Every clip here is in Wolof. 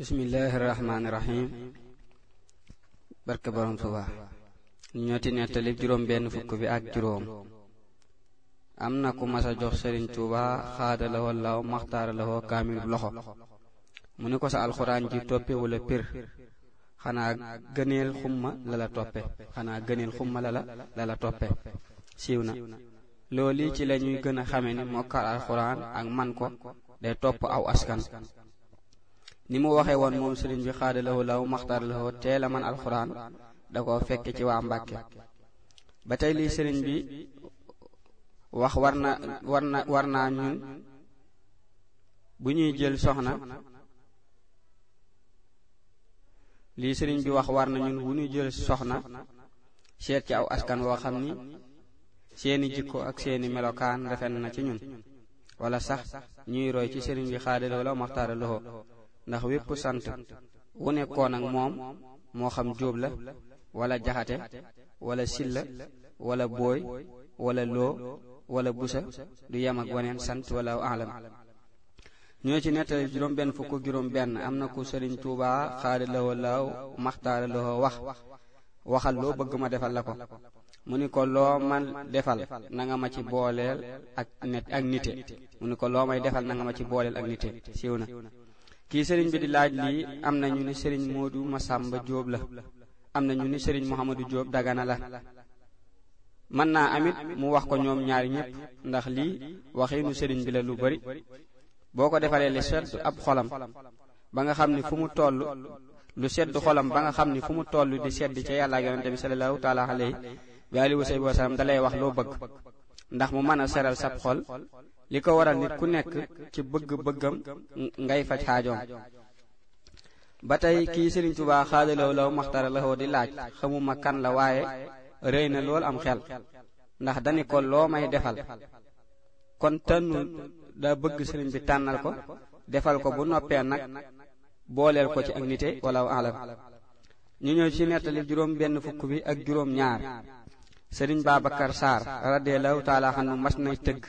bismillaahi rahmaani rahiim barke borom benn fukk bi ak juróom am na ku mas a jox sëriñ Tuuba xaada la woo maxtaara la woo kaamil loxo mu ni ko sa alxuraan ji toppe wala xanaa gëneel xumma la toppe siiw na loolu ci la ñuy gën a xame ni mokkal alxuraan ak man ko day topp aw askan ni mu waxee woon moom sëriñ bi xaadalawo law maxtaar lawo man alxuraan da koo fekke ci waa Mbàkke ba tey lii sëriñ bi wax war na war na war naa ñun bu ñuy jël soxna lii sëriñ bi wax war na ñun bu ñuy jël soxna seet ci aw askan woo xam ni seeni jikko ak seeni melokaan rafet na ci ñun wala sax ñuy roy ci sëriñ bi xaadalawo law ndax wépp sant wu nekkoon ak moom moo xam jóob la wala jaxate wala silla wala booy wala loo wala busa du yem ak waneen sant wala alam ñoo ci nettali juróom benn fukk juróom benn am na ko sëriñ tuubaa xaada lawoo laaw maxtaara lawoo wax waxal loo bëgg ma defal la ko mu ni ko loo man defal na nga ma ci booleel ak net ak nite mu ni ko loo may defal na nga ma ci booleel ak nite siiw na kii sëriñ bi di laaj lii am na ñu ni sëriñ Modou Massamba Diop la am na ñu ni sëriñ Mouhamadou Diop Dagana la mën naa am amit mu wax ko ñoom ñaari ñëpp ndax lii waxiinu sëriñ bi la lu bari boo ko defalee li sedd ab xolam ba nga xam ni fu mu toll lu sedd xolam ba nga xam ni fu mu toll di sedd ca yàlla ak yonente bi sallallahu taala alayhi wa alihi wa da lay wax loo bëgg ndax mu mën a seral sab xol li ko waral nit ku nekk ci bëgg-bëggam ngay faj xaajoom ba tey kii Sëriñ Tuubaa xaadalaw law maxtara laxoo di laaj xamuma kan la waaye rëy na lool am xel ndax dani ko loo may defal kon tànnu daa bëgg sëriñ bi tànnal ko defal ko bu noppee nag nag booleel ko ci ak nite wala alam ñu ñëw ci nettali juróom benn fukk bi ak juróom ñaar sëriñ Babacar Sarr radiyallahu taala xanu mas nay tëgg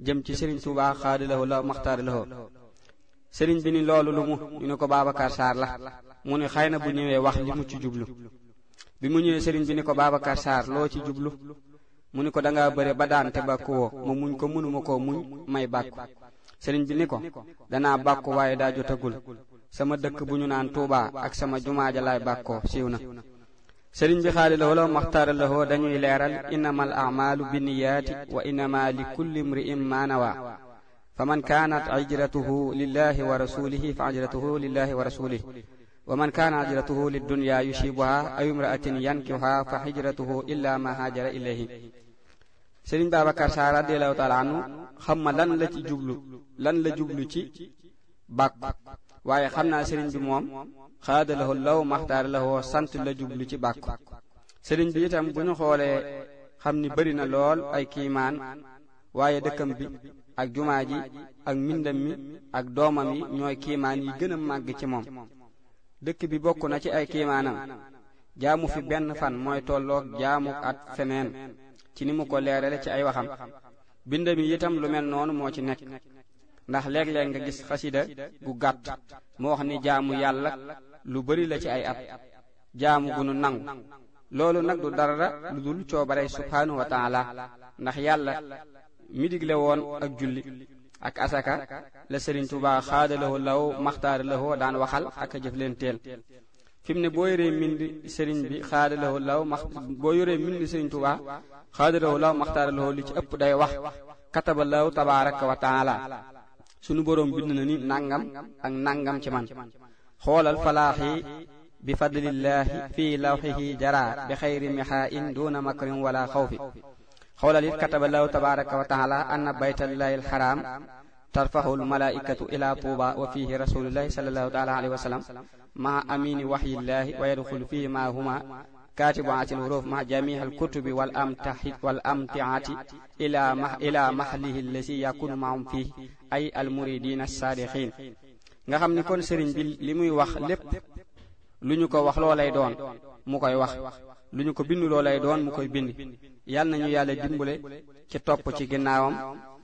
jëm ci Serigne Touba xaadilahu la maxtaarilahu Serigne bi ni loolu lu mu ñu ne ko Babacar Sarr la mu ne xëy na bu ñëwee wax li mu ci jublu bi mu ñëwee Serigne bi ni ko Babacar Sarr loo ci jublu mu ni ko danga bëre ba daan te bàkkuwoo ma muñ ko mënuma koo muñ may bàkku Serigne bi ni ko danaa bàkku waaye daa jotagul sama dëkk bu ñu naan Touba ak sama jumaa ja laay bàkkoo siiw na sëriñ bi xaali looloo maxtaara lahoo dañuy leeral innamal a'maalu binniyaati wa innama li kulli imri'in maa nawaa fa man kaanat hijratuhu lillahi wa rasulihi fa hijratuhu lillahi wa rasulihi wa man kaana hijratuhu liddunya yusibuha aw imra'atin yankihuha fa hijratuhu illa ma haajara ilayhi sëriñ Babacar Sarr radiyallahu taala anhu xam ma lan la ci jublu lan la jublu ci bàkku waaye xam naa sëriñ bi moom xaadalahu law la lahoo sant la jublu ci bàkku sëriñ bi itam bu ñu xoolee xam ni bari na lool ay kiimaan waaye dëkkam bi ak jumaa ji ak mbindam mi ak doomam yi ñooy kiimaan yi gën màgg ci moom dëkk bi bokk na ci ay kiimaanam jaamu fi benn fan mooy tolloog jaamu at feneen ci ni mu ko leerale ci ay waxam bindam yi itam lu mel noonu moo ci nekk ndax léeg-léeg nga gis xasida gu gàtt mu wax ni jaamu yàlla lu bari la ci ay at jaamu gu nu nangu loolu nag du dara lu dul coobarey subhaanahu wa ndax yàlla mi digle woon ak julli ak asaka la Sëriñ Tuubaa xaadalawoo law la lawoo daan waxal ak a jëf leen teel fi mu ne boo yoree mbind sëriñ bi xaadalawoo law max boo yoree mbind Sëriñ Tuubaa xaadalawoo law li ci ëpp day wax kataba law tabaaraka wa taala sunu boroom bind na ni nangam ak nangam ci man xoolal falaax yi bi fadlillaahi fii lawxihi jara bi xayri mixaain duuna makrin wala xawfi xoolal it kataba lahu tabaraka wa taala anna baytallahi alxaraam tarfaxu almalaikatu ila tuuba wa fiihi rasulullahi salallahu taala alayhi wa sallam maa amini waxyillahi wa yadxulu fihi maa huma كاتب عن ma مع جميع الكتب والأمتعة إلى مح إلى محله الذي يكون معهم فيه أي المريدين الصادقين nga xam ni kon sëriñ bi li muy wax lépp lu ñu ko wax loo lay doon mu koy wax lu ñu ko bind loo lay doon mu koy bind yal nañu yàlla dimbale ci topp ci ginnaawam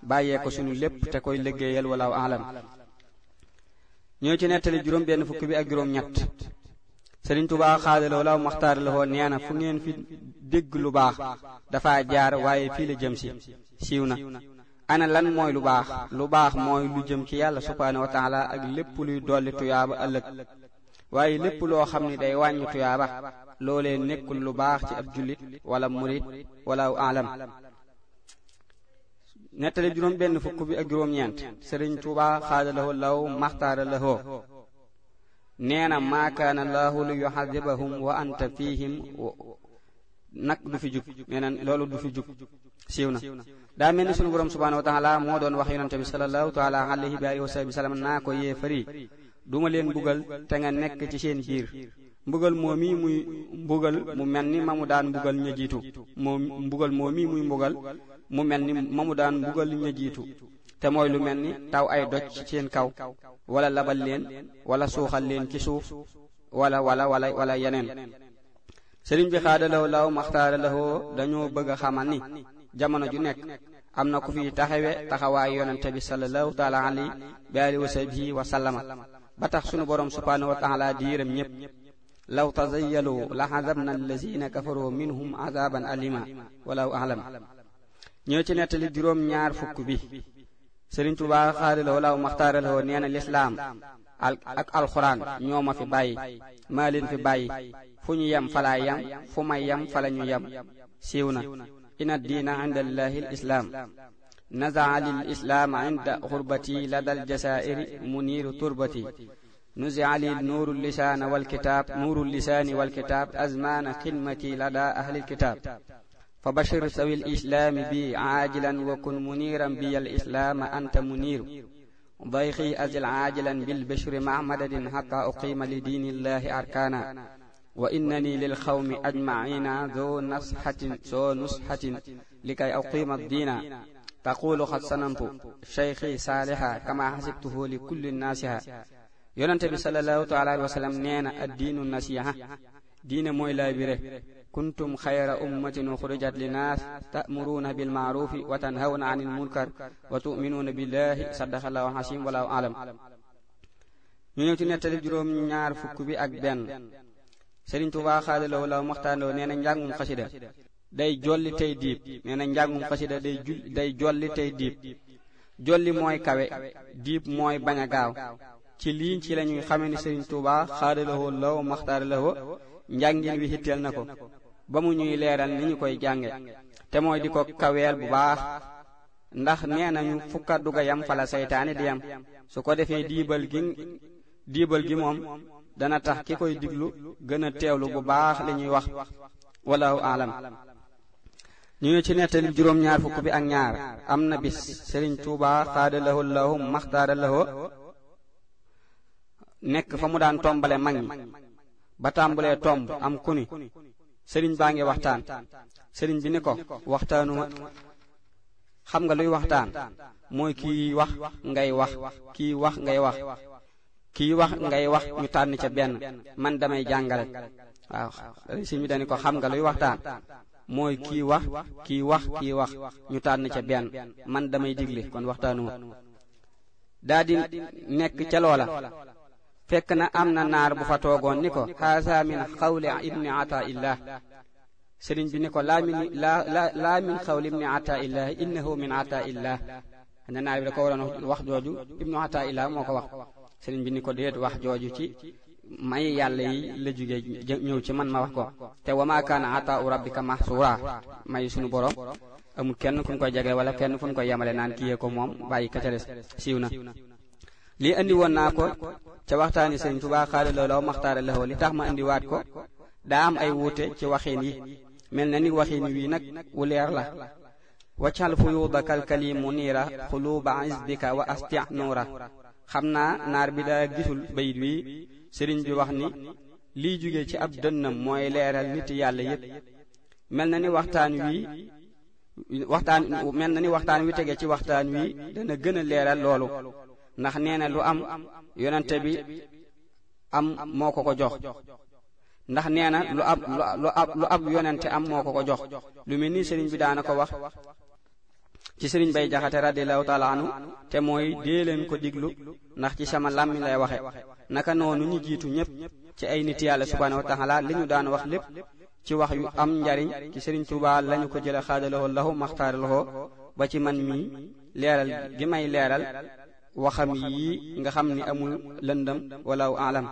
bàyyee ko suñu lépp te koy liggéeyal wala alam ñoo ci nettali juróom benn fukki bi ak juróom ñett sëriñ Tuubaa xaadalaw law maxtaar la nee na fu ngeen fi dégg lu baax dafa jaar waaye fii la jëm si siiw na ana lan mooy lu baax lu baax mooy lu jëm ci yàlla subhaanahu wa ak lépp luy dolli tuyaaba ëllëg waaye lépp loo xam ni day wàññi tuyaaba loolee nekkul lu baax ci ab jullit wala murit wala alam nettali juróom benn fukk bi ak juróom ñeent sëriñ Tuubaa xaadalaw law maxtaara nee na maa kaana laahu li yuhadibahum wa anta fihim nag du fi jug nee na loolu du fi jug siiw na daa mel ni sunu borom subhanahu wa taala moo doon wax yonente bi salallahu taala alayhi bi alihi wa sahbi sallam naa ko yee fari duma leen mbugal te nga nekk ci seen biir mbugal moo mii muy mbugal mu mel ni ma mu daan mbugal ña jiitu mbugal moo muy mbugal mu mel ni ma mu daan mbugal ña jiitu te mooy lu mel ni taw ay doj ci seen kaw wala labal leen wala suuxal leen ci suuf wala wala wala wala yeneen sëriñ bi xaadalaw law maxtaara lahoo dañoo bëgg a xamal ni jamono ju nekk am na ku fi taxawe taxawaay yonente bi sallallahu taala alayhi bi alihi wa sahbihi wa sallama ba tax sunu borom subhanahu wa taala di yërëm ñépp law tazayyalu la azabna allazina kafaroo minhum azaban alima walaw alam ñoo ci nettali juróom ñaar fukk bi sëriñ Tuubaa xaadala walaaw maxtaarala woo nee na lislaam ak alxuraan ñoo ma fi bàyyi maa leen fi bàyyi fu ñu yem falaa fu may yem fala ñu yem siiw na ina diina inda llaahi l islaam nazaa lil islaam inda xurbati ladal jasaa'iri muniiru turbati nuzia li nuuru lisaana walkitaab nuuru lisaani walkitaab azmaana xidmati lada ahlil kitaab fa bashir sawi lislaami bi aajilan wa kun muniiran bi al islaama anta muniiru dayxi azil aajilan bilbishri maa madadin xata uqiima li diini illahi arkaana wa innani lil xawmi ajmaina zoo nasxatin soo nusxatin likay uqiima diina taqulu xad sanamtu sheyxi saaliha kama xasibtuhu li kulli naasiha yonente bi salallahu taala alihi wa sallam nee na ad diinu nasiha diine mooy laabire kuntum xayra ummatin uxrijat linnaas ta'muruuna bil ma'ruufi wa tanhawna 'anil munkar wa tu'minuuna billaahi sadaqallaahu al-'aziim a'lam ñu ñëw ci nettali juróom ñaar fukk bi ak benn Sëriñ Tuubaa xaadalaw law maxtaanoo nee na njàngum xasida day jolli tey diib nee na njàngum xasida day ju tey diib jolli mooy kawe diib mooy bañ a ci lii ci lañuy xame ni Sëriñ Tuubaa xaadalawoo law maxtaaralawoo njàngin wi hitteel na ko ba mu ñuy leeral ni ñu koy jànge te mooy di ko kaweel bu baax ndax nee nañu fukka duga fala seytaane di yam su ko defee diibal gi diibal gi moom dana tax ki koy diglu gën a teewlu bu baax li ñuy wax walaahu aalam ñu ngi ci nettali juróom-ñaar fukk bi ak ñaar am na bis Sëriñ Tuubaa xaadalahu lahu maxtaaralahu nekk fa mu daan tombale mag ñi ba tàmbalee tomb am kuni sëriñ baa ngi waxtaan sëriñ bi ni ko waxtaanuma xam nga luy waxtaan mooy kii wax ngay wax kii wax ngay wax kii wax ngay wax ñu tànn ca benn man damay jàngale waaw sëriñ bi dañu ko xam nga luy waxtaan mooy kii wax kii wax kii wax ñu tànn ca benn man damay digle kon waxtaanuma daa di nekk ca loola fekk na am na naar bu fa toogoon ni ko haasa min xawli ibni ata illah sëriñ bi ni ko laa min laa laa min xawli ibni ata illah innahu min ata illah na naar bi da ko waroon wax jooju ibnu ata illah moo ko wax sëriñ bi ni ko déet wax jooju ci may yàlla yi la jóge ñëw ci man ma wax ko te wa ma kaana ataa ka mahsura may sunu borom amul kenn fu ñu koy jege wala kenn fu ñu koy yemale naan kiyee ko moom bàyyi ka ca des siiw na lii andi woon naa ca waxtaani Sëriñ Tuubaa xaala looloo maxtaara laxoo li tax ma indiwaat ko daa am ay wuute ci waxin yi mel na ni waxin wii nag wu leer la waccal fuyuudaka alkalimu niira xuluuba isdika wa asti nuura xam naa naar bi daa gisul bayit wi sëriñ bi wax ni liy jóge ci ab dënnam mooy leeral nit yàlla yépp mel na ni waxtaan wi mel na ni waxtaan wi tege ci waxtaan wi dana gën a leeral loolu ndax nee na lu am yonente bi am moo ko ko jox ndax nee na lu ab lu ab lu ab yonente am moo ko ko jox lu mel ni sëriñ bi daana ko wax ci sëriñ bay jaxate radiallahu taala anu te mooy dee leen ko diglu ndax ci sama làmmiñ lay waxe naka noonu ñu jiitu ñépp ci ay nit yàlla subhaanahu wa taala li ñu daan wax lépp ci wax yu am njariñ ci sëriñ Tuubaa lañu ko jële xaadalahoo lahu maxtaaralahoo ba ci man mii leeral gi may leeral waxam yi nga xam ni amul lëndëm walaaw alam